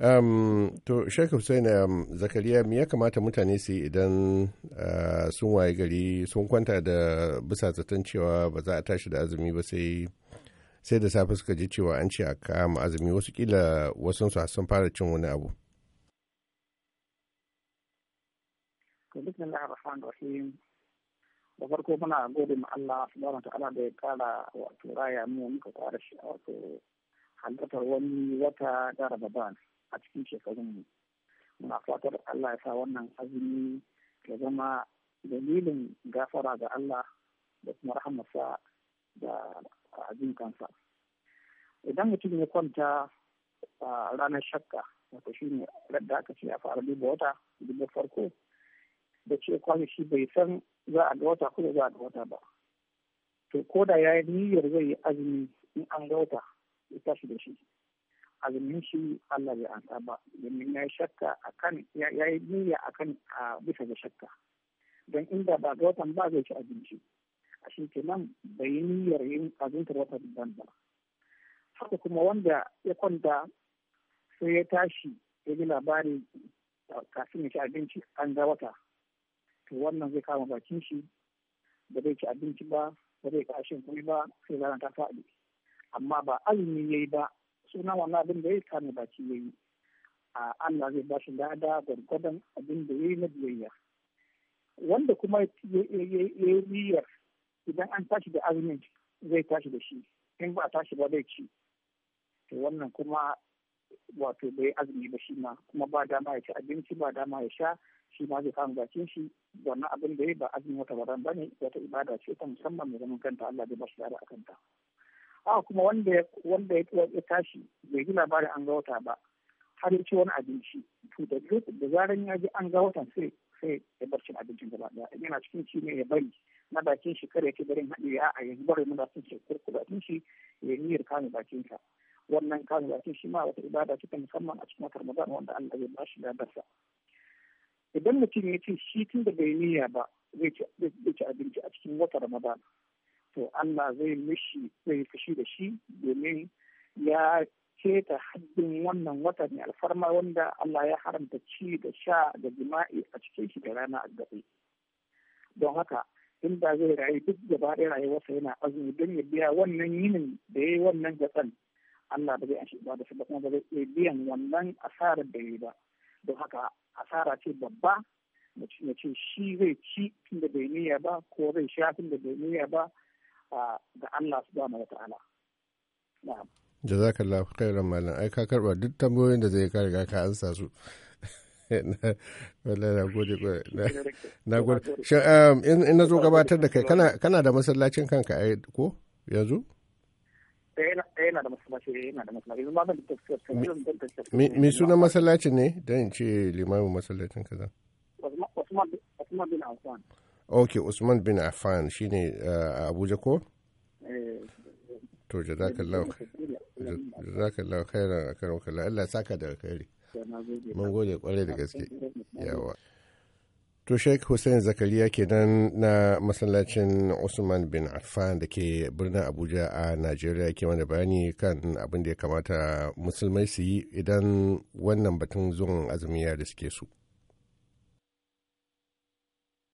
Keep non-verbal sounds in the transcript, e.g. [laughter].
Um, to Sheikh Hussein um, Zakariya me ya kamata mutane su yi idan uh, sun waye gari sun kwanta da bisa zaton cewa ba za a tashi da azumi ba sai sai da safe suka ji cewa an ce a kama azumi wasu kila wasu su sun fara cin wani abu. Bismillah ar-Rahman ar-Rahim. Da farko muna gode ma Allah subhanahu wa ta'ala da ya kara wato raya mu muka fara shi wato halartar wani wata da Ramadan. a cikin shekarun mu. muna fatar Allah ya sa wannan azumi ya zama dalilin gafara ga Allah da kuma rahamarsa da abin kansa idan mutum ya kwanta a ranar shakka wato shi ne da aka ce a fara duba wata duba farko da ce kwashe shi bai san za a ga wata ko za a ga wata ba to ko da ya yi niyyar zai yi azumi in an ga wata ya tashi da shi azumin shi Allah bai ansa ba domin ya yi shakka akan ya yi niyya akan a bisa ga shakka don inda ba ga watan ba zai ci abinci a shi kenan bai yi niyyar yin azumtar watan ban ba haka kuma wanda ya kwanta sai ya tashi ya ji labari kafin ya ci abinci an ga wata to wannan zai kama bakin shi ba zai ci abinci ba ba zai kashin kuma ba sai rana ta faɗi amma ba azumi ya yi ba suna wannan abin da ya kame baki ya yi a Allah zai bashi lada gwargwadon abin da ya yi na biyayya wanda kuma ya yi niyyar idan an tashi da azumin zai tashi da shi in ba a tashi ba zai ci to wannan kuma wato bai azumi ba shi ma kuma ba dama ya ci abinci ba dama ya sha shi ma zai kama bakin shi wannan abin da ya ba azumin wata waran ba ne wata ibada ce ta musamman mai zaman kanta Allah zai ba shi lada a kanta. haka kuma wanda wanda ya tashi bai ji labarin an ga wata ba har ya ci wani abinci to da da zaran ya ji an ga wata sai sai ya bar cin abincin gaba daya yana cikin ci ne ya bari na bakin shi kare ke barin haɗe ya a yanzu bari muna sun ce kurku bakin shi ya yi niyyar kanu bakin ka wannan kanu bakin shi ma wata ibada ta musamman a cikin watan Ramadan wanda Allah ya ba shi ladarsa idan mutum ya ce shi tun da bai niyya ba zai ci abinci a cikin watan Ramadan to Allah zai mishi zai fushi da shi domin ya keta haddin wannan wata ne alfarma wanda Allah ya haramta ci da sha da jima'i a cikin shi da rana a gabe. Don haka in ba zai rayu duk gaba ɗaya rayuwarsa yana azumi don ya biya wannan yinin da ya yi wannan gatsan Allah ba zai ashe da shi ba kuma ba zai iya biyan wannan asarar da ya yi ba. Don haka asara ce babba na ce shi zai ci tun da bai niyya ba ko zai sha tun da bai niyya ba ga Allah subhanahu wata'ala na'am jazakallahu khairan malam ai ka karba duk tambayoyin da zai ka riga ka ansa su [laughs] wallahi na gode na um, in na zo gabatar da kai kana da masallacin kanka ai ko yanzu eh, eh, eh, mi suna masallaci me masallacin ne don ce limamin masallacin kaza Usman bin ok usman bin affan shine eh, a abuja ko eh, to jazakallahu jazakallahu a kan kallah Allah saka daga alkhairi mun gode kwarai da gaske yawa to Sheik hussein zakariya kenan na masallacin usman bin Afan da ke birnin abuja a najeriya ke mana bayani kan abin da ya kamata musulmai su yi idan wannan batun zuwan azumi ya da suke su